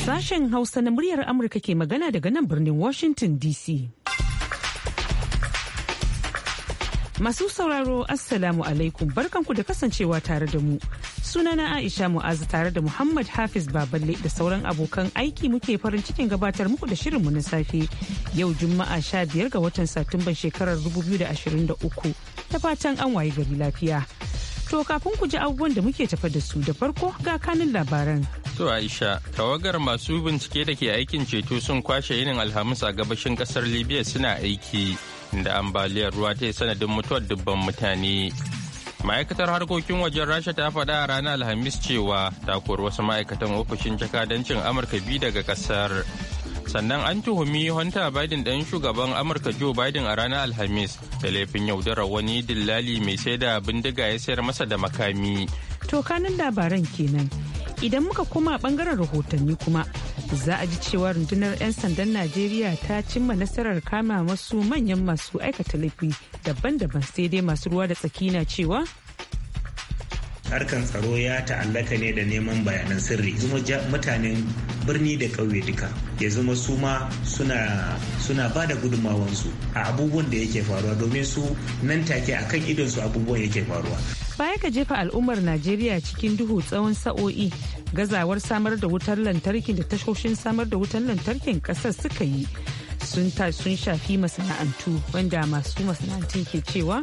Sashen Hausa na muryar Amurka ke magana daga nan birnin Washington DC. Masu sauraro Assalamu alaikum barkanku da kasancewa tare da mu. Sunana Aisha Mu'azu tare da Muhammad Hafiz Baballe da sauran abokan aiki muke farin cikin gabatar muku da shirin mu na safe. Yau Juma'a sha biyar ga watan Satumban shekarar 2023 ta fatan an waye gari lafiya. To kafin ku ji abubuwan da muke tafa da su da farko ga kanin labaran. To Aisha, tawagar masu bincike da ke aikin ceto sun kwashe yinin Alhamis a gabashin kasar Libya suna aiki da ambaliyar ruwa ta yi sanadin mutuwar dubban mutane. Ma'aikatar harkokin wajen Rasha ta faɗa a ranar Alhamis cewa ta kori wasu ma'aikatan ofishin jakadancin Amurka bi daga kasar sannan an tuhumi hunter biden ɗan shugaban amurka joe biden a ranar alhamis da laifin yaudarar wani dillali mai sai da bindiga ya sayar masa da makami to kanin labaran kenan idan muka koma bangaren rahotanni kuma za a ji cewa rundunar 'yan sandan najeriya ta cimma nasarar kama masu manyan masu aikata laifi daban-daban sai dai masu ruwa da tsaki na cewa harkan tsaro ya ta'allaka ne da neman bayanan sirri zuma mutanen birni da ƙauye duka ya zama su ma suna suna ba da gudunmawansu a abubuwan da yake faruwa domin su nan take a kan idonsu abubuwan yake faruwa baya ka jefa al'ummar najeriya cikin duhu tsawon sa'o'i gazawar samar da wutar lantarki da tashoshin samar da wutar lantarkin ƙasar suka yi sun shafi masana'antu wanda masu masana'antu ke cewa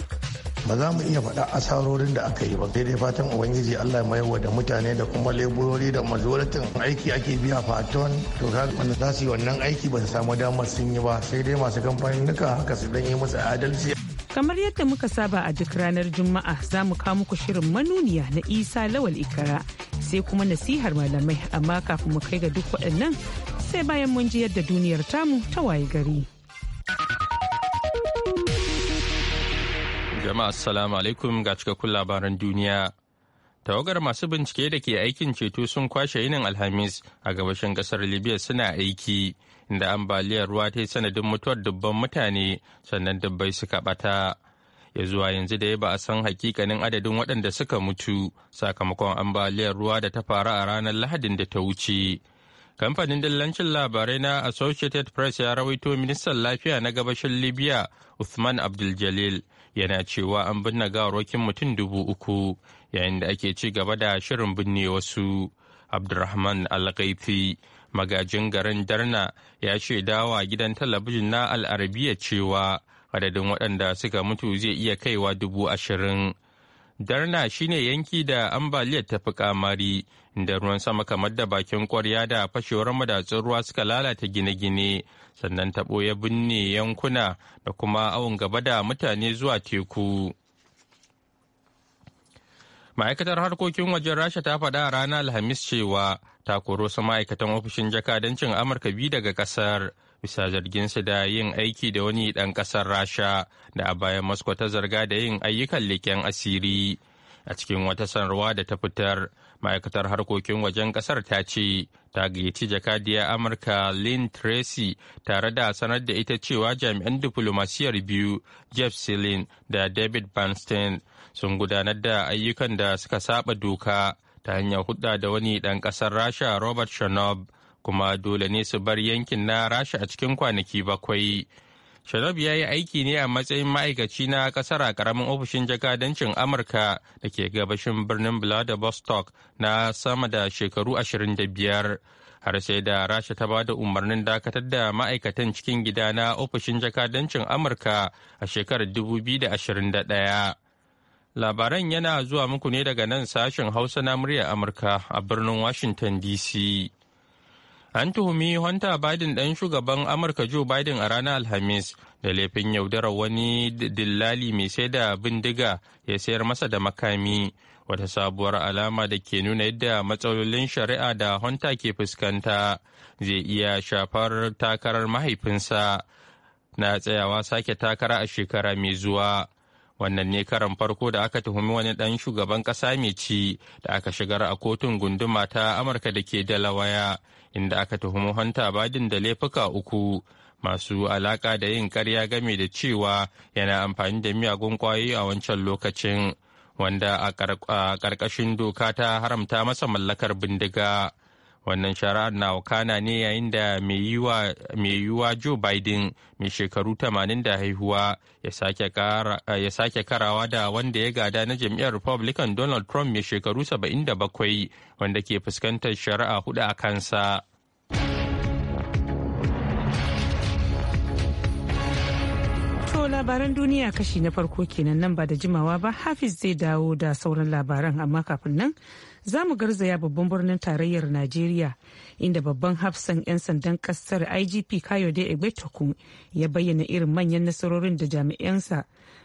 ba za mu iya faɗa asarorin da aka yi ba sai dai fatan ubangiji allah mai wa da mutane da kuma leburori da majoritin aiki ake biya faton to ga wanda za su yi wannan aiki ba su samu damar sun yi ba sai dai masu kamfanin nuka haka su dan yi musu adalci kamar yadda muka saba a duk ranar juma'a za mu kawo muku shirin manuniya na isa lawal ikara sai kuma nasihar malamai amma kafin mu kai ga duk waɗannan sai bayan mun ji yadda duniyar tamu ta waye gari. Jama'a assalamu alaikum ga cikakkun labaran duniya. Tawagar masu bincike da ke aikin ceto sun kwashe yinin Alhamis a gabashin kasar Libya suna aiki inda ambaliyar ruwa ta yi sanadin mutuwar dubban mutane sannan dubbai suka bata. Ya zuwa yanzu da ya ba a san hakikanin adadin waɗanda suka mutu sakamakon ambaliyar ruwa da ta faru a ranar Lahadin da ta wuce. kamfanin dillancin labarai na associated press ya rawaito ministan lafiya na gabashin libya uthman abdul-jalil yana cewa an binne gawarwakin mutum dubu uku yayin da ake ci gaba da shirin binne wasu abdulrahman alkaifi magajin garin darna ya shaidawa gidan talabijin na al'arabiya cewa adadin waɗanda suka mutu zai iya kaiwa dubu ashirin Darna shine yanki da ambaliyar ta fi kamari, da ruwan sama kamar da bakin kwarya da fashewar madatsun ruwa suka lalata gine-gine, sannan taɓo ya binne yankuna da kuma awon gaba da mutane zuwa teku. Ma'aikatar harkokin wajen Rasha ta faɗa a ranar Alhamis cewa ta koro su ma'aikatan ofishin jakadancin Amurka biyu daga ƙasar. bisa zarginsa da yin aiki da wani ɗan ƙasar rasha da a bayan moscow ta zarga da yin ayyukan leƙen asiri a cikin wata sanarwa da ta fitar ma'aikatar harkokin wajen ƙasar ta ce ta gayyaci jakadiyar amurka lynn tracy tare da sanar da ita cewa jami'an diflomasiyar biyu jeff selin da david bernstein sun gudanar da ayyukan da suka saba doka ta hanyar hudda da wani ɗan ƙasar rasha robert shanob kuma dole ne su bar yankin na rasha a cikin kwanaki bakwai shanob ya yi aiki ne a matsayin ma'aikaci na kasar a karamin ofishin jakadancin amurka da ke gabashin birnin vladivostok na sama da shekaru 25 har sai da rasha ta ba da umarnin dakatar da ma'aikatan cikin gida na ofishin jakadancin amurka a shekarar 2021 labaran yana zuwa muku ne daga nan sashen hausa na murya amurka a birnin washington dc An tuhumi Hunter Biden ɗan shugaban Amurka Joe Biden a ranar Alhamis da laifin yaudarar wani dillali mai sai da bindiga ya sayar masa da makami. Wata sabuwar alama da ke nuna yadda matsalolin shari'a da Hunter ke fuskanta zai iya shafar takarar mahaifinsa na tsayawa sake takara a shekara mai zuwa. wannan ne karan farko da aka tuhumi wani ɗan shugaban ƙasa mai ci da aka shigar a kotun gunduma ta amurka da ke dalawaya inda aka tuhumi hanta badin da laifuka uku masu alaƙa da yin karya game da cewa yana amfani da miyagun ƙwayoyi a wancan lokacin wanda a ƙarƙashin doka ta haramta masa mallakar bindiga. wannan shari'ar na wakana ne yayin da mai yiwuwa joe biden mai shekaru 80 da haihuwa ya sake karawa da wanda ya gada na jam'iyyar republican donald trump mai shekaru 77 wanda ke fuskantar shari'a hudu a kansa labaran duniya kashi na farko kenan nan ba da jimawa ba hafiz zai dawo da sauran labaran amma kafin nan za mu garzaya babban birnin tarayyar Najeriya inda babban hafsan 'yan sandan kasar IGP Kayode egbetoku ya bayyana irin manyan nasarorin da jami'ansa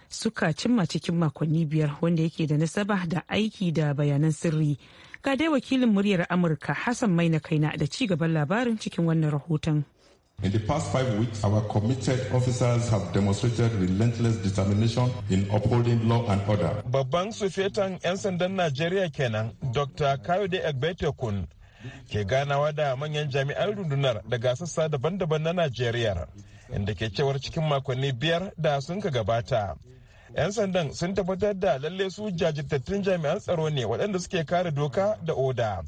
suka cimma cikin makonni biyar wanda yake da nasaba da aiki da bayanan sirri. Ga dai wakilin muryar Amurka Hassan Maina Kaina da ci gaban labarin cikin wannan rahoton. In the past five weeks, our committed officers have demonstrated relentless determination in upholding law and order. Babban sufetan 'yan sandan Najeriya kenan, Dr. Kayode Egbetekun, ke ganawa da manyan jami'an rundunar daga sassa daban-daban na Najeriya, inda ke cewar cikin makonni biyar da sun ka gabata. 'Yan sandan sun tabbatar da lalle su jajirtattun jami'an tsaro ne waɗanda suke kare doka da oda.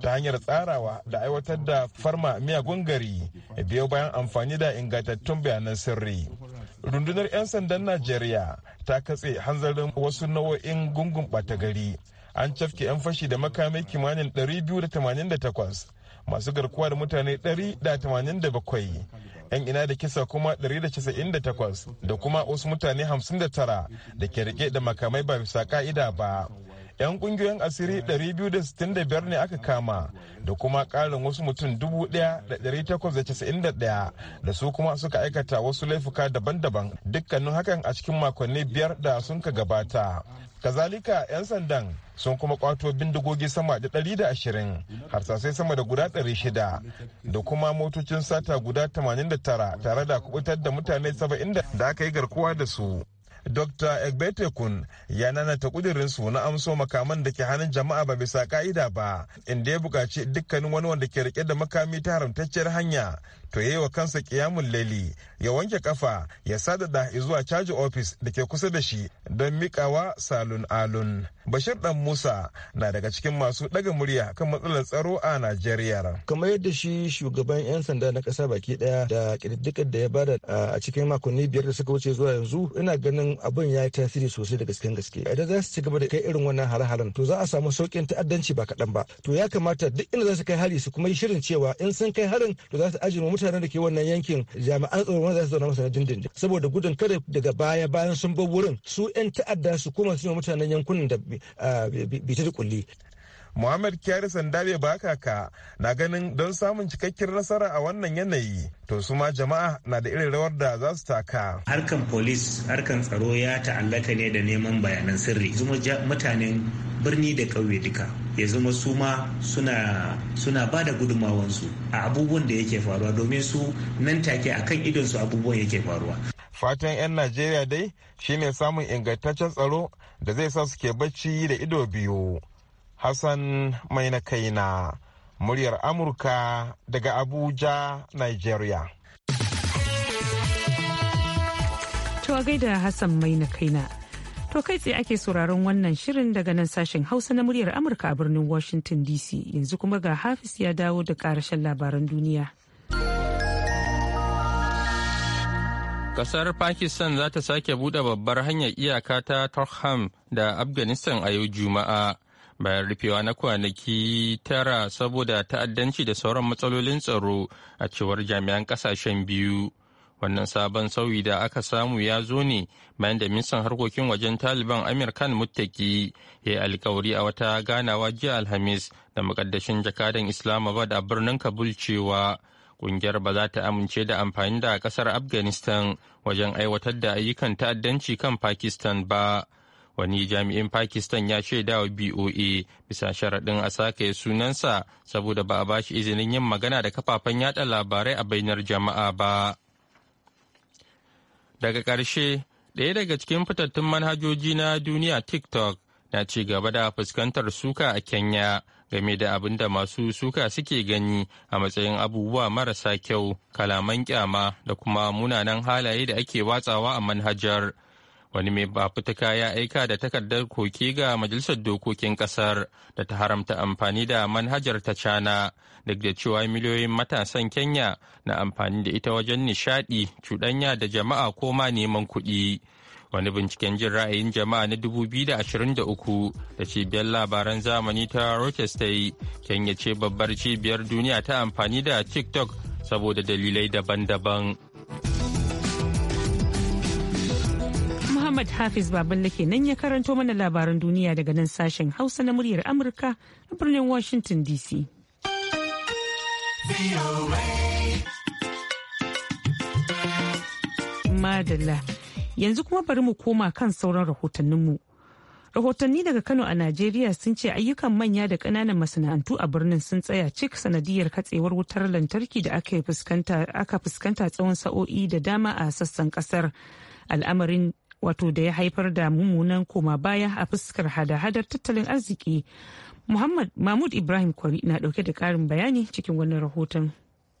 ta hanyar tsarawa da aiwatar da farma miyagun gari biyo bayan amfani da ingantattun bayanan sirri rundunar 'yan sandan najeriya ta katse hanzarin wasu nau'o'in gungun bata gari an cafke 'yan fashi da makamai kimanin 288 masu garkuwa da mutane 187 'yan ina da kisa kuma 198 da kuma wasu mutane 59 da ke rike da makamai ba bisa ka'ida ba 'yan kungiyoyin asiri 265 eh. ne aka kama da kuma ƙarin wasu mutum 1,891 da su kuma suka aikata wasu laifuka daban-daban dukkanin hakan a cikin makonni biyar da sun ka gabata kazalika 'yan sandan sun kuma kwato bindigogi sama da 120 harsasai sama da guda 600 da kuma motocin sata guda 89 tare da kubutar da mutane 70 da aka yi garkuwa da su dr egbetekun ya nanata su na amso makaman da ke hannun jama'a ba bisa ka'ida ba inda ya buƙaci dukkanin wani wanda ke rike da makami ta haramtacciyar hanya to yi wa kansa kiyamun laili ya wanke kafa ya sadada zuwa caji ofis da ke kusa da shi don mikawa salun alun bashir dan musa na daga cikin masu daga murya kan matsalar tsaro a najeriya kamar yadda shi shugaban yan sanda na kasa baki daya da kididdigar da ya bada a cikin makonni biyar da suka wuce zuwa yanzu ina ganin abin ya yi tasiri sosai da gaske gaske idan za su ci gaba da kai irin wannan hare-haren to za a samu saukin ta'addanci ba kaɗan ba to ya kamata duk inda za su kai hari su kuma yi shirin cewa in sun kai harin to za su ajiye mutanen da ke wannan yankin jami'an tsaron za su zauna masa na dindindin saboda gudun kada daga baya bayan sun bar wurin su 'yan ta'adda su kuma su mutanen yankunan da ah, ta da kulli Muhammad Kyari Sandabe Bakaka na ganin don samun cikakkiyar nasara a wannan yanayi to su ma jama'a na da irin rawar da za su taka. Harkan polis, harkan tsaro ya ta'allaka ne da neman bayanan sirri. Zuma mutanen birni da ƙauye duka ya zama su ma suna suna ba da gudunmawansu a abubuwan da yake faruwa domin su nan take a kan idonsu abubuwan yake faruwa. Fatan 'yan Najeriya dai shine samun ingantaccen tsaro da zai sa suke bacci da ido biyu. Hassan mai na na muryar Amurka daga Abuja, Nigeria. To gaida Hassan mai na na To kai tsaye ake sauraron wannan shirin daga nan sashen Hausa na muryar Amurka a birnin Washington DC yanzu kuma ga Hafiz ya dawo da karashen labaran duniya. Kasar Pakistan za ta sake buɗe babbar hanyar iyaka ta Turkham da Afghanistan a yau Juma'a. bayan rufewa na kwanaki tara saboda ta'addanci da sauran matsalolin tsaro a cewar jami'an kasashen biyu wannan sabon sauyi da aka samu ya zo ne bayan da ministan harkokin wajen taliban amir khan muttaki ya yi alkawari a wata ganawa jiya alhamis da makaddashin jakadan islamabad a birnin kabul cewa kungiyar ba za ta amince da amfani da kasar afghanistan wajen aiwatar da ayyukan ta'addanci kan pakistan ba wani jami'in pakistan ya shaida wa boa bisa sharaɗin a sake sunansa saboda ba a ba shi izinin yin magana da kafafen yada labarai a bainar jama'a ba daga ƙarshe ɗaya daga cikin fitattun manhajoji na duniya tiktok na ci gaba da fuskantar suka a kenya game da abin da masu suka suke gani a matsayin abubuwa marasa kyau kalaman kyama da kuma munanan halaye da ake watsawa a manhajar. wani mai bafutuka ya aika da takardar koke ga majalisar dokokin kasar da ta haramta amfani da manhajar ta cana duk da cewa miliyoyin matasan kenya na amfani da ita wajen nishadi cuɗanya da jama'a ko ma neman kuɗi wani binciken jin ra'ayin jama'a na 2023 da cibiyar labaran zamani ta reuters ta yi kenya ce babbar cibiyar duniya ta amfani da tiktok saboda dalilai daban-daban Muhammad Hafiz Baballe nan ya karanto mana labaran duniya daga nan sashen Hausa na muryar Amurka a birnin Washington DC. Madalla. Yanzu kuma bari mu koma kan sauran rahotanninmu. Rahotanni daga Kano a Najeriya sun ce ayyukan manya da ƙananan masana'antu a birnin sun tsaya cik sanadiyar katsewar wutar lantarki da aka fuskanta tsawon sa'o'i da dama a sassan ƙasar. Al'amarin wato da ya haifar da mummunan koma baya a fuskar hada-hadar tattalin arziki muhammad mahmud ibrahim kwari na dauke da karin bayani cikin wannan rahoton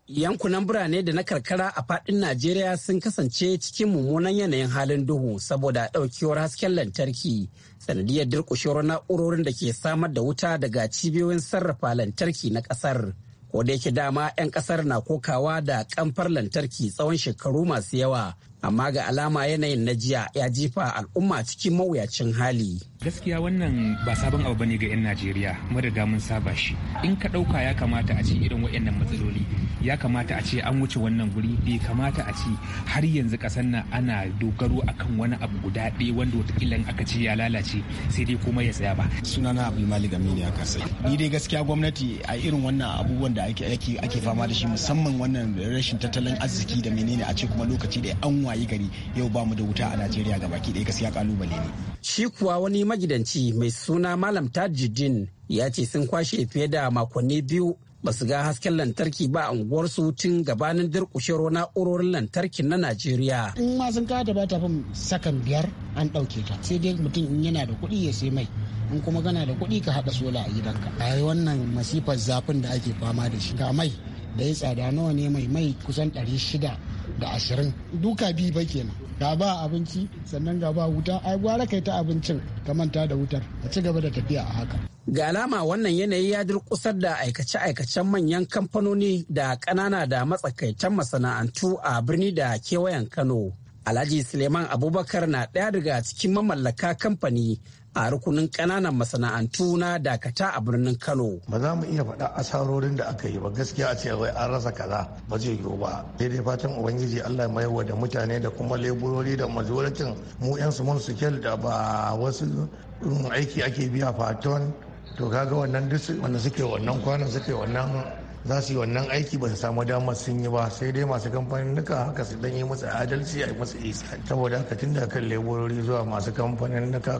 yankunan birane da na karkara a fadin najeriya sun kasance cikin mummunan yanayin halin duhu saboda ɗaukewar hasken lantarki sanadiyar durƙushewar na'urorin da ke samar da wuta daga cibiyoyin sarrafa lantarki na ƙasar ko da yake dama 'yan ƙasar na kokawa da kamfar lantarki tsawon shekaru masu yawa amma ga alama yanayin na jiya ya jefa al'umma cikin mawuyacin hali gaskiya wannan ba sabon abu bane ga 'yan najeriya mun riga mun saba shi in ka ɗauka ya kamata a ce irin waɗannan matsaloli ya kamata a ce an wuce wannan guri bai kamata a ce har yanzu kasan nan ana dogaro akan wani abu guda ɗaya wanda watakila aka ce ya lalace sai dai kuma ya tsaya ba sunana abdulmalik aminu ya kasai ni dai gaskiya gwamnati a irin wannan abubuwan da ake ake fama da shi musamman wannan rashin tattalin arziki da menene a ce kuma lokaci da an wayi gari yau bamu da wuta a Najeriya ga baki ɗaya gaskiya kalubale ne. Shi kuwa wani magidanci mai suna Malam Tajuddin ya ce sun kwashe fiye da makonni biyu ba su ga hasken lantarki ba a unguwarsu tun gabanin durƙushewar na'urorin lantarki na Najeriya. In ma sun kawo da ba ta sakan biyar an ɗauke ta sai dai mutum in yana da kuɗi ya sai mai in kuma gana da kuɗi ka haɗa sola a gidanka. A wannan masifar zafin da ake fama da shi ga mai da ya tsada nawa ne mai mai kusan ɗari shida. da ashirin duka biyu ba kenan ga ba abinci sannan ga ba wuta ai gwara kai ta abincin ka manta da wutar a ci gaba da tafiya a haka ga alama wannan yanayi ya durkusar da aikace-aikacen manyan kamfanoni da ƙanana da matsakaitan masana'antu a birni da kewayen kano alhaji suleiman abubakar na ɗaya daga cikin mamallaka kamfani a rukunin kananan masana'antu na dakata a birnin Kano. Ba za mu iya faɗa asarorin da aka yi ba gaskiya a ce wai an rasa kaza ba zai yiwu ba. Daidai fatan Ubangiji Allah mai da mutane da kuma leburori da majoratin mu 'yan su mun sukel da ba wasu mm, aiki ake biya faton to kaga wannan duk wanda suke wannan kwanan suke wannan za su yi wannan aiki ba su samu damar sun yi ba sai dai masu kamfanin nuka haka su dan yi musu adalci a musu isa saboda haka tun da kan leburori zuwa masu kamfanin nuka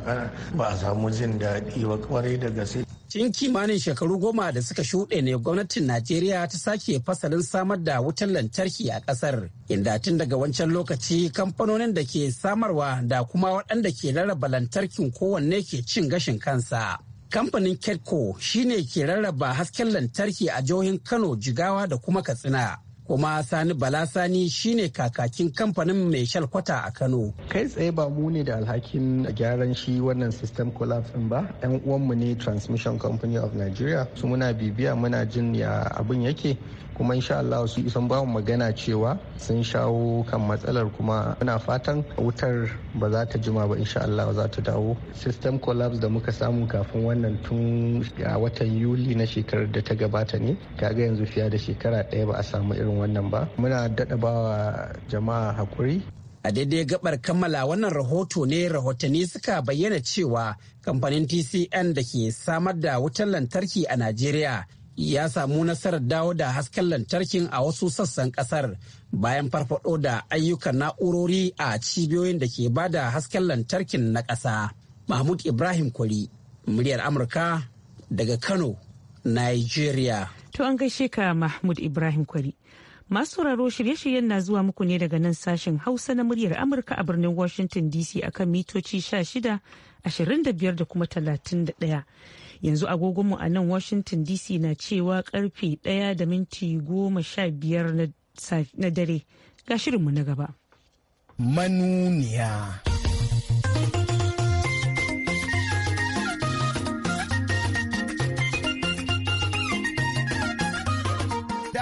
ba a samu jin daɗi ba kwarai da gaske. Cin kimanin shekaru goma da suka shuɗe ne gwamnatin Najeriya ta sake fasalin samar da wutan lantarki a ƙasar, inda tun daga wancan lokaci kamfanonin da ke samarwa da kuma waɗanda ke rarraba lantarkin kowanne ke cin gashin kansa. Kamfanin Ketco shine ke rarraba hasken lantarki a jihohin Kano, Jigawa da kuma Katsina. kuma sani balasani shine kakakin kamfanin mai shalkwata a kano kai tsaye ba mu ne da alhakin gyaran shi wannan system collapse din ba yan uwanmu ne transmission company of nigeria su muna bibiya muna jin ya abin yake kuma insha Allah su isan bamu magana cewa sun shawo kan matsalar kuma ina fatan wutar ba za ta jima ba insha Allah za ta dawo system collapse da muka samu kafin wannan tun a watan Yuli na shekarar da ta gabata ne kaga yanzu fiya da shekara ɗaya ba a samu irin wannan ba muna daɗa bawa jama'a hakuri a daidai gabar kammala wannan rahoto ne rahotanni suka bayyana cewa kamfanin tcn da ke samar da wutar lantarki a najeriya ya samu nasarar dawo da hasken lantarkin a wasu sassan kasar bayan farfado da ayyukan na'urori a cibiyoyin da ke ba da hasken lantarkin na ƙasa. mahmud ibrahim kwari muryar amurka daga kano nigeria to an gaishe ka mahmud ibrahim kwari masu sauraro shirye-shiryen na zuwa muku ne daga nan sashen hausa na muryar amurka a birnin washington dc akan mitoci 16 25 da kuma 31 yanzu agogonmu a nan washington dc na cewa karfe ɗaya da minti goma sha biyar na dare ga shirinmu na gaba manuniya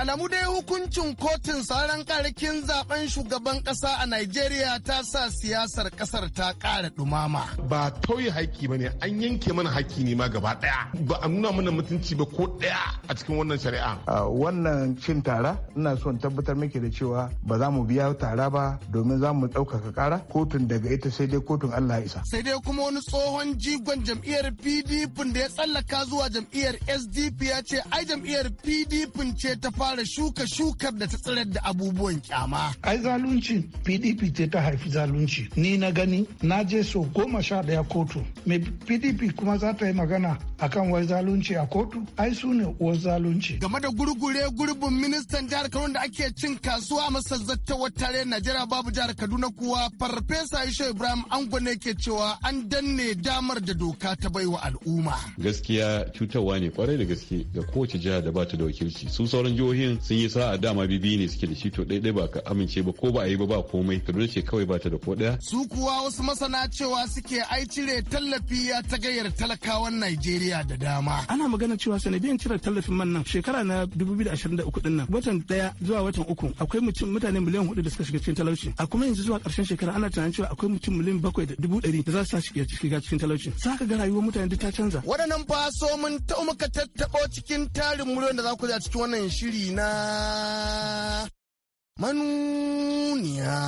alamu dai hukuncin kotun sauran karikin zaben shugaban kasa a Najeriya ta sa siyasar kasar ta kara dumama. Ba tauye haƙƙi ba ne an yanke mana haƙƙi ne ma gaba ɗaya. Ba a nuna mana mutunci ba ko ɗaya a cikin wannan shari'a. wannan cin tara ina in tabbatar miki da cewa ba za mu biya tara ba domin za mu ɗaukaka ƙara kotun daga ita sai dai kotun Allah isa. Sai dai kuma wani tsohon jigon jam'iyyar PDP da ya tsallaka zuwa jam'iyyar SDP ya ce ai jam'iyyar PDP ce ta fara fara shuka shukar da ta tsirar da abubuwan kyama. Ai zalunci PDP ce ta haifi zalunci. Ni na gani na je so goma sha daya kotu. Me PDP kuma za ta yi magana a kan wai zalunci a kotu? Ai su ne uwar zalunci. Game da gurgure gurbin ministan jihar Kano da ake cin kasuwa masa zattawar tare Najeriya babu jihar Kaduna kuwa Farfesa Isha Ibrahim Ango ne ke cewa an danne damar da doka ta bai wa al'umma. Gaskiya cutarwa ne kwarai da gaske ga kowace jiha da ba ta da wakilci. Su sauran jihohi jihohin sun yi sa'a dama bibi ne suke da shi to ɗaiɗai ba ka amince ba ko ba a yi ba ba komai kaduna ce kawai ba ta da ko ɗaya. su kuwa wasu masana cewa suke ai cire tallafi ya ta gayyar talakawan najeriya da dama. ana magana cewa sanadiyan cire tallafin man nan shekara na 2023 din nan watan ɗaya zuwa watan uku akwai mutum mutane miliyan hudu da suka shiga cikin talauci a kuma yanzu zuwa ƙarshen shekara ana tunanin cewa akwai mutum miliyan bakwai da dubu ɗari da za su shiga cikin talauci sa ka ga rayuwar mutane duk ta canza. waɗannan ba so mun ta muka tattaɓo cikin tarin muryoyin da za ku ji cikin wannan shiri Ina na manuniya.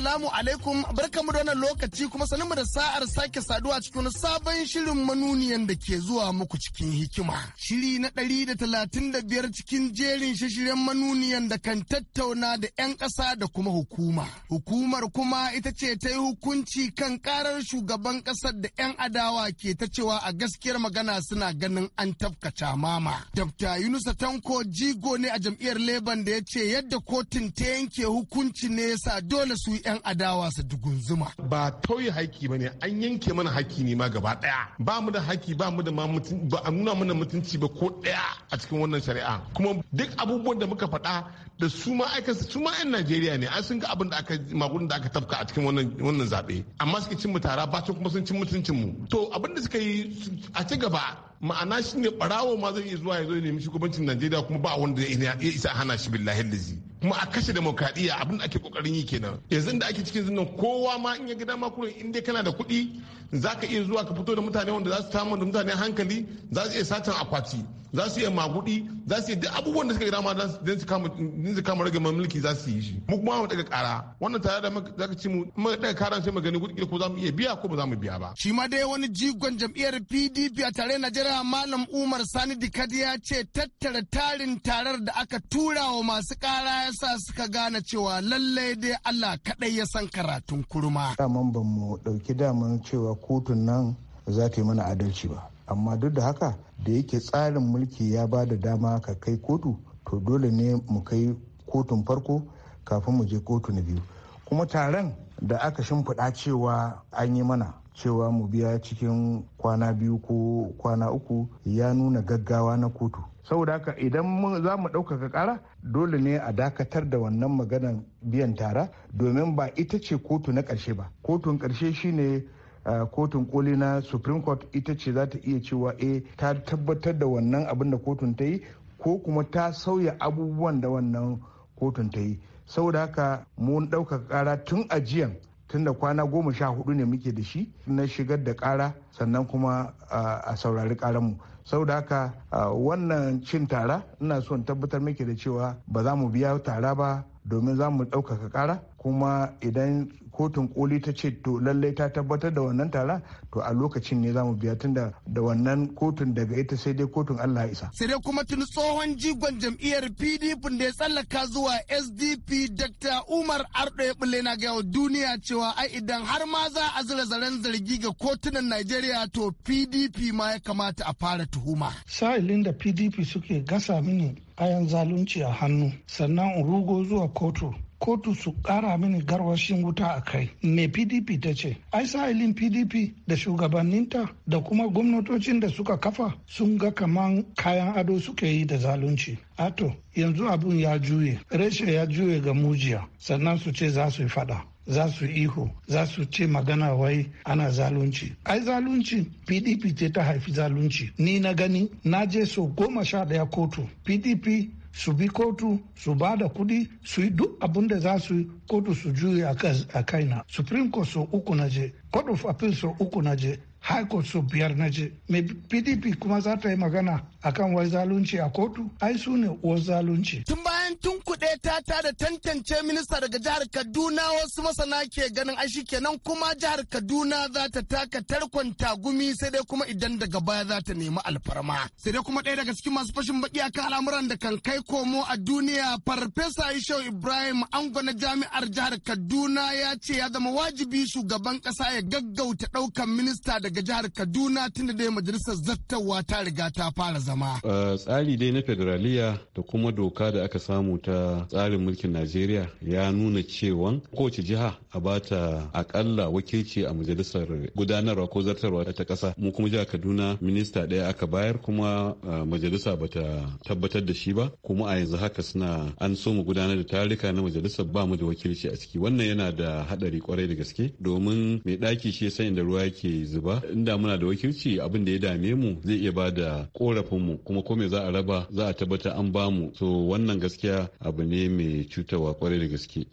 Assalamu alaikum barkamu da wannan lokaci kuma sanin da sa'ar sake saduwa cikin sabon shirin manuniyan da ke zuwa muku cikin hikima. Shiri na ɗari da talatin da biyar cikin jerin shirye manuniyan da kan tattauna da 'yan ƙasa da kuma hukuma. Hukumar kuma ita ce ta yi hukunci kan karar shugaban ƙasar da 'yan adawa ke ta cewa a gaskiyar magana suna ganin an tafkata mama. Dabta Yunusa Tanko jigo ne a jam'iyyar Leban da ya ce yadda kotun ta yanke hukunci ne yasa dole su yi 'yan adawa su dugunzuma. Ba tauye haƙƙi ba ne an yanke mana haki ne ma gaba ɗaya. Ba mu da haƙƙi ba mu da ma ba a nuna mana mutunci ba ko ɗaya a cikin wannan shari'a. Kuma duk abubuwan da muka faɗa da su ma aika su ma 'yan Najeriya ne an sun ga abin da aka magudin da aka tafka a cikin wannan wannan zaɓe. Amma suke cin mu tara bacin kuma sun cin mutuncin mu. To abin da suka yi a ci gaba ma'ana shi ne barawo ma zai iya zuwa ya zo ya nemi shugabancin najeriya kuma ba wanda ya isa hana shi billahi lazi kuma a kashe demokradiyya abin da ake kokarin yi kenan yanzu da ake cikin zinnan kowa ma in ya gida ma kuma in dai kana da kuɗi za ka iya zuwa ka fito da mutane wanda za su samu da mutane hankali za su iya satan akwati za su iya magudi za su iya duk abubuwan da suka yi dama don su kama don kama rage mulki za su yi shi mu kuma mu daga kara wannan tare da za ka ci mu mu daga kara sai mu gani ko za mu iya biya ko ba za mu biya ba shi ma dai wani jigon jam'iyyar PDP a tare Najeriya Malam Umar Sani Dikadi ya ce tattara tarin tarar da aka tura wa masu kara ya sa suka gane cewa lallai dai Allah kadai ya san karatun kurma daman ban mu dauki daman cewa kotun nan za ta yi mana adalci ba amma duk da haka da yake tsarin mulki ya ba da dama ka kai kotu to dole ne mu kai kotun farko kafin mu je kotu na biyu kuma taron da aka shimfiɗa cewa an yi mana cewa mu biya cikin kwana biyu ko kwana uku ya nuna gaggawa na kotu saboda haka idan za mu ɗaukaka ƙara dole ne a dakatar da wannan maganar biyan tara domin ba ita ce kotu na ƙarshe ba kotun ƙarshe shine kotun koli na supreme court ita ce za ta iya cewa A eh, ta tabbatar da wannan abin da kotun ta yi ko kuma ta sauya abubuwan da wannan kotun ta yi saboda haka mun ɗaukaka ƙara tun ajiyan tun da kwana goma sha hudu ne muke da shi na shigar da ƙara sannan kuma a saurari ƙaranmu saboda haka wannan cin tara ina son tabbatar muke da cewa ba za mu biya tara ba domin za mu ɗaukaka ƙara kuma idan kotun koli ta ce to lallai ta tabbatar da wannan tara to a lokacin ne zamu biya tun da wannan kotun daga ita sai dai kotun Allah ya isa. Sai dai kuma tun tsohon jigon jam'iyyar PDP da ya tsallaka zuwa SDP Dr. Umar Ardo bulle na ga duniya cewa ai idan har ma za a zira zaren zargi ga kotunan Najeriya to PDP ma ya kamata a fara tuhuma. Sa'ilin da PDP suke gasa mini kayan zalunci a hannu sannan rugo zuwa kotu kotu su kara mini garwashin wuta a kai me pdp ta ce ai sa'ilin pdp da shugabanninta da kuma gwamnatocin da suka kafa sun ga kaman kayan ado suke yi da zalunci ato yanzu abun ya juye reshe ya juye ga mujiya sannan su ce za su yi fada za su ihu za su ce magana wai ana zalunci ai zalunci pdp ce ta haifi zalunci ni na gani na je so goma sha daya kotu pdp su bi kotu su ba da kuɗi su yi duk abin da za su kotu su juya a kaina supreme court sau uku na je court of appeal sau uku na je high court su biyar na je mai pdp kuma za ta yi magana akan wai zalunci a kotu ai su ne zalunci tun bayan tun kuɗe ta ta da tantance minista daga jihar kaduna wasu masana ke ganin ashi kenan kuma jihar kaduna za ta taka tarkon tagumi sai dai kuma idan daga baya za ta nemi alfarma sai dai kuma ɗaya daga cikin masu fashin baki akan al'amuran da kan kai komo a duniya farfesa ishau ibrahim ango na jami'ar jihar kaduna ya ce ya zama wajibi shugaban ƙasa ya gaggauta ɗaukan minista da daga jihar Kaduna tunda dai majalisar zattawa ta riga ta fara zama. Tsari dai na federaliya da kuma doka da aka samu ta tsarin mulkin Najeriya ya nuna cewa kowace jiha a bata akalla wakilci a majalisar gudanarwa ko zartarwa ta kasa mu kuma jihar kaduna minista ɗaya aka bayar kuma majalisa bata tabbatar da shi ba kuma a yanzu haka suna an so mu gudanar da tarika na majalisar ba mu da wakilci a ciki wannan yana da haɗari kwarai da gaske domin mai ɗaki shi ya san inda ruwa yake zuba in da muna da wakilci abin da ya dame mu zai iya ba da korafin mu kuma ko me za a raba za a tabbatar an ba mu so wannan gaskiya abu ne mai cutarwa kwarai da gaske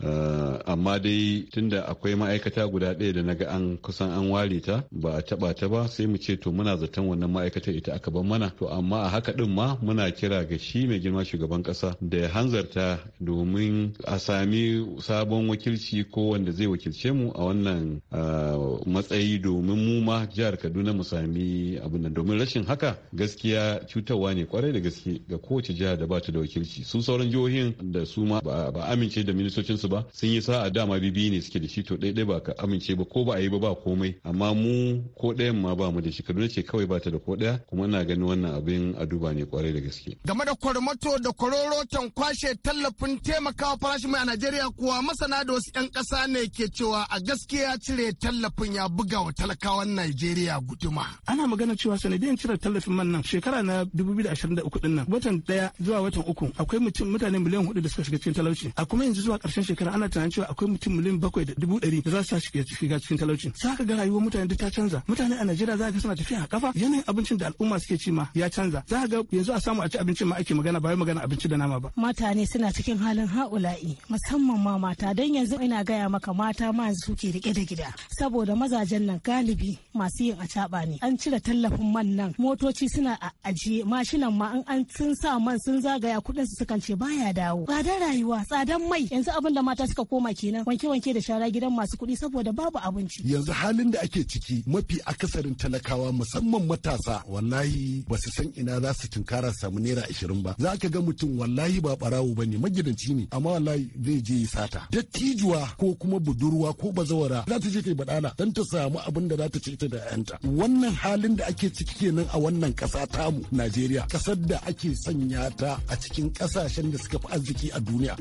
amma dai tun da akwai ma'aikata guda ɗaya da naga an kusan an ware ta ba a taɓa ta ba sai mu ce to muna zaton wannan ma'aikatar ita aka ban mana to amma a haka ɗin ma muna kira ga shi mai girma shugaban ƙasa da ya hanzarta domin a sami sabon wakilci ko wanda zai wakilce mu a wannan matsayi domin mu ma jihar Kaduna mu sami abin nan domin rashin haka gaskiya cutarwa ne kwarai da gaske ga kowace jiha da ba ta da wakilci su sauran jihohin da su ma ba amince da ministocinsu ba sun yi sa'a dama bibi ne suke kake da shi to ɗaiɗai ba ka amince ba ko ba a yi ba ba komai amma mu ko ɗayan ma ba mu da shi kaduna ce kawai ba ta da ko ɗaya kuma na ganin wannan abin a duba ne kwarai da gaske. game da kwarmato da kwarorotan kwashe tallafin taimakawa farashin mai a najeriya kuwa masana da wasu 'yan ƙasa ne ke cewa a gaskiya cire tallafin ya buga wa talakawan najeriya guduma. ana magana cewa sanadiyan cire tallafin man nan shekara na 2023 din nan watan ɗaya zuwa watan uku akwai mutum mutane miliyan hudu da suka shiga cikin talauci a kuma yanzu zuwa ƙarshen shekara ana tunanin cewa akwai mutum miliyan bakwai da dubu ɗari da za su tashi shiga cikin talauci za ka ga rayuwar mutane duk ta canza mutane a Najeriya za ga suna tafiya a kafa yanayin abincin da al'umma suke ci ma ya canza za ga yanzu a samu a ci abincin ma ake magana ba magana abinci da nama ba mutane suna cikin halin ha'ula'i musamman ma mata don yanzu ina gaya maka mata ma yanzu suke rike da gida saboda mazajen nan galibi masu yin acaba ne an cire tallafin man nan motoci suna a ajiye mashinan ma an an sun sa man sun zagaya kuɗin su sukan ce baya dawo tsadar rayuwa tsadar mai yanzu abin da mata suka koma kenan wanke wanke da yara gidan masu kuɗi saboda babu abinci yanzu halin da ake ciki mafi akasarin talakawa musamman matasa wallahi ba su san ina za su tunkara samu naira ashirin ba za ka ga mutum wallahi ba barawo ba ne magidanci ne amma wallahi zai je ya sata dattijuwa ko kuma budurwa ko bazawara za ta je kai badala don ta samu abin da za ta ce ta da yanta wannan halin da ake ciki kenan a wannan kasa tamu Najeriya ƙasar da ake sanya ta a cikin ƙasashen da suka fi arziki a duniya.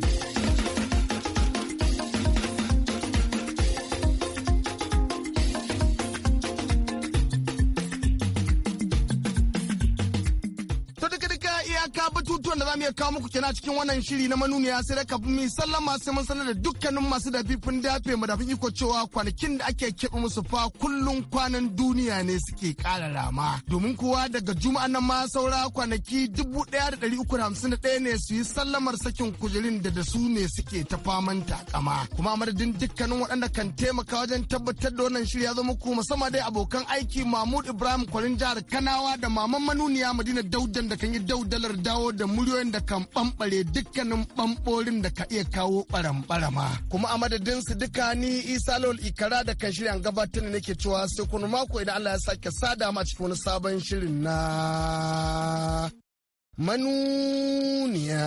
kenan cikin wannan shiri na manuniya sai daga mi sallama sai mun sanar da dukkanin masu dafifin dafe madafin iko cewa kwanakin da ake keɓe musu fa kullum kwanan duniya ne suke ƙara rama. Domin kowa daga juma'an nan ma saura kwanaki dubu ɗaya da ɗari uku hamsin da ne su yi sallamar sakin kujerin da da su ne suke ta faman takama. Kuma madadin dukkanin waɗanda kan taimaka wajen tabbatar da wannan shiri ya zo muku musamman dai abokan aiki Mahmud Ibrahim Kwarin jihar Kanawa da Maman Manuniya Madina Daudan da kan yi daudalar dawo da muryoyin da kan bambare dukkanin bamborin da ka iya kawo barambarama kuma a madadin su duka ni isa lol ikara da kan shirya gabatar da nake cewa sai kuma mako idan allah ya sake sada ma cikin wani sabon shirin na manuniya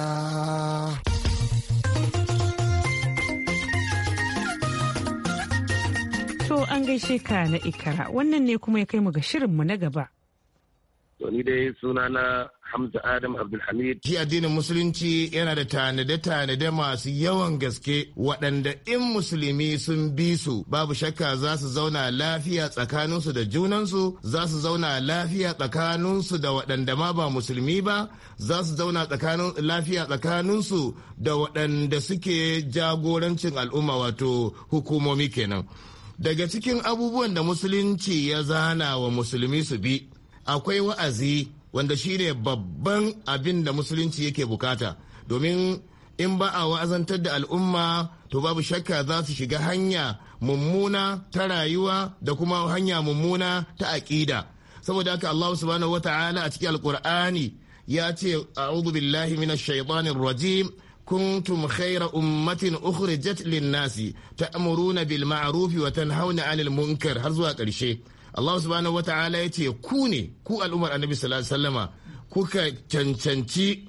To an gaishe ka na ikara wannan ne kuma ya kai mu ga shirin mu na gaba. ni dai suna na Hamza Adam Abdulhamid. Shi addinin Musulunci yana da tanade-tanade masu yawan gaske waɗanda in Musulmi sun bi su babu shakka za su zauna lafiya tsakaninsu da junansu, za su zauna lafiya tsakaninsu da waɗanda ma ba Musulmi ba, za su zauna lafiya tsakaninsu da waɗanda suke jagorancin al'umma wato hukumomi kenan. Daga cikin abubuwan da Musulunci ya zana wa Musulmi su bi. akwai wa'azi wanda shine babban abin da musulunci yake bukata domin in ba a wa'azantar da al'umma to babu shakka za su shiga hanya mummuna ta rayuwa da kuma hanya mummuna ta aƙida saboda haka Allah subhanahu wata'ala a cikin alkur'ani ya ce a'udhu billahi minash shaitanir rajim kuntum khayra ummatin ukhrijat lin-nasi ta'muruna bil ma'ruf wa tanhauna 'anil munkar har zuwa ƙarshe Allah subhanahu ta'ala ya ce ku ne ku al'ummar annabi sallallahu alaihi wasallama kuka cancanci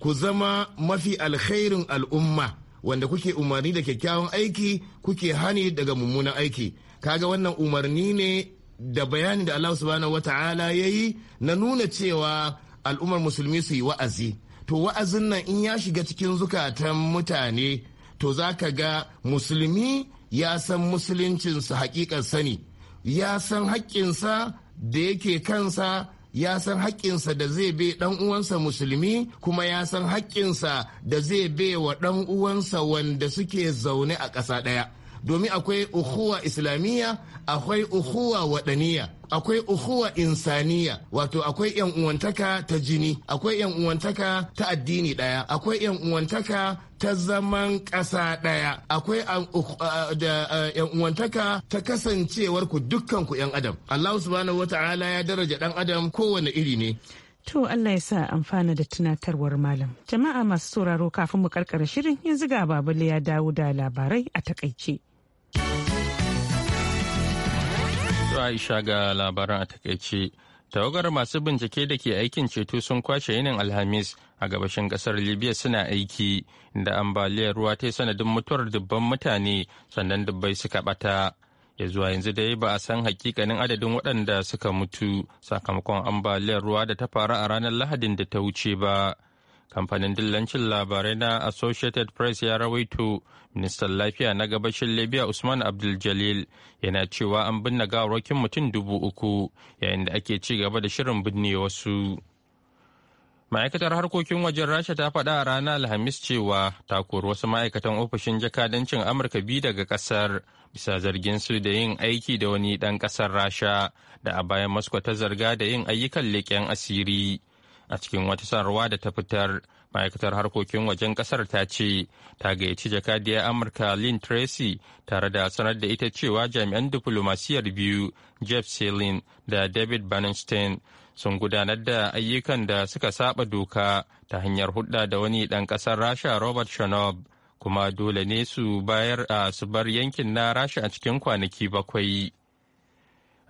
ku zama mafi alkhairin al'umma wanda kuke umarni da kyakkyawan aiki kuke hani daga mummunan aiki kaga wannan umarni ne da bayani da Allah subhanahu ta'ala ya yi na nuna cewa al'ummar musulmi su yi wa'azi to wa'azin nan in ya shiga cikin zukatan mutane to za ga musulmi ya san musuluncinsu hakikar sani ya san haƙƙinsa da yake kansa ya san haƙƙinsa da zai be ɗan uwansa musulmi kuma ya san haƙƙinsa da zai be wa ɗan uwansa wanda suke zaune a ƙasa ɗaya domin akwai uhuwa islamiyya akwai uhuwa waɗaniya akwai uhuwa insaniya wato akwai yan uwantaka ta jini akwai yan uwantaka ta addini ɗaya akwai yan uwantaka ta zaman ƙasa ɗaya akwai um, uh, uh, yan uwantaka ta kasancewar ku dukkan ku yan adam Allah subhanahu wata'ala ya daraja dan adam kowane iri ne To Allah ya sa amfana da tunatarwar malam. Jama'a masu sauraro kafin mu karkara shirin yanzu ga babale ya dawo da labarai a takaice. Aisha ga labaran a takaice. tawagar masu bincike da ke aikin ceto sun kwashe yinin alhamis a gabashin kasar libya suna aiki inda ambaliyar ruwa ta yi sanadin mutuwar dubban mutane sannan dubbai suka bata ya zuwa yanzu dai ba a san hakikanin adadin waɗanda suka mutu sakamakon ambaliyar ruwa da ta faru a ranar lahadin da ta wuce ba. kamfanin dillancin labarai na associated press ya rawaito ministan lafiya na gabashin libya usman abdul-jalil yana cewa an binne gawarwakin mutum dubu uku yayin da ake ci gaba da shirin binne wasu ma'aikatar harkokin wajen rasha ta faɗa a ranar alhamis cewa ta kori wasu ma'aikatan ofishin jakadancin amurka biyu daga ƙasar bisa zargin su da yin aiki da wani ɗan ƙasar rasha da a bayan moscow ta zarga da yin ayyukan leƙen asiri a cikin wata sanarwa da ta fitar ma'aikatar harkokin wajen kasar ta ce ta gayyaci jakadiyar amurka lynn tracy tare da sanar da ita cewa jami'an diflomasiyyar biyu jeff selin da david bannenstein sun gudanar da ayyukan da suka saba doka ta hanyar hudda da wani dan ƙasar rasha robert shanob kuma dole ne su bayar a su bar yankin na rasha a cikin kwanaki bakwai.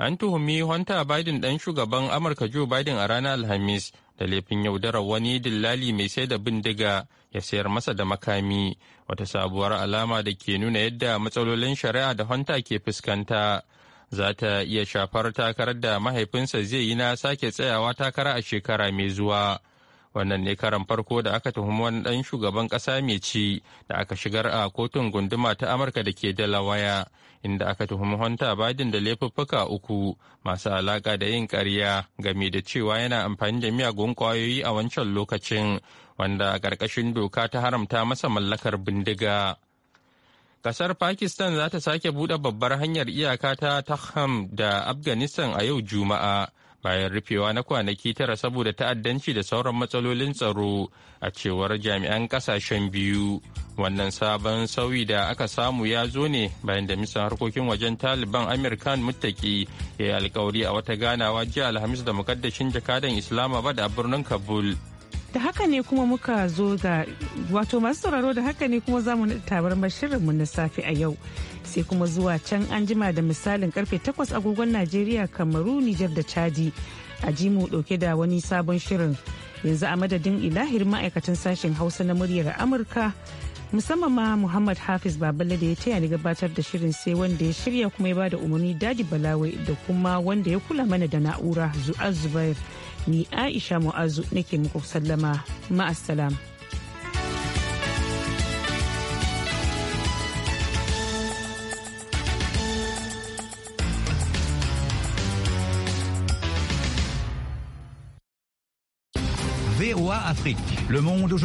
an tuhumi Hunter Biden ɗan shugaban Amurka Joe Biden a ranar Alhamis da laifin yaudarar wani dillali mai sai da bindiga ya sayar masa da makami wata sabuwar alama da ke nuna yadda matsalolin shari'a da Hunter ke fuskanta za ta iya shafar takarar da mahaifinsa zai yi na sake tsayawa takara a shekara mai zuwa. wannan ne karan farko da aka tuhumi wani ɗan shugaban ƙasa mai ci da aka shigar a kotun gunduma ta amurka da ke lawaya inda aka tuhumi hunter biden da laifuffuka uku masu alaƙa da yin ƙarya game da cewa yana amfani da miyagun ƙwayoyi a wancan lokacin wanda a ƙarƙashin doka ta haramta masa mallakar bindiga. Kasar Pakistan za ta sake buɗe babbar hanyar iyaka ta Takham da Afghanistan a yau Juma'a bayan rufewa na kwanaki tara saboda ta'addanci da sauran matsalolin tsaro a cewar jami'an kasashen biyu wannan sabon sauyi da aka samu ya zo ne bayan da misan harkokin wajen taliban khan mutaki ya yi alkawari a wata ganawa jiya alhamis da mukaddashin jakadan islamabad a birnin kabul da haka ne kuma muka zo ga wato masu sauraro da haka ne kuma zamu tabar mu na safe a yau sai kuma zuwa can an jima da misalin karfe 8 agogon najeriya kamaru nijar da chadi a ji mu dauke da wani sabon shirin yanzu a madadin ilahir ma'aikatan sashen hausa na muryar amurka musamman ma muhammad hafiz baballe da ya taya ni gabatar da shirin sai wanda ya shirya kuma ya bada umarni daji balawai da kuma wanda ya kula mana da na'ura zu'az zubair ni aisha mu'azu nake muku sallama ma'assalam. VOA Afrique, le monde aujourd'hui.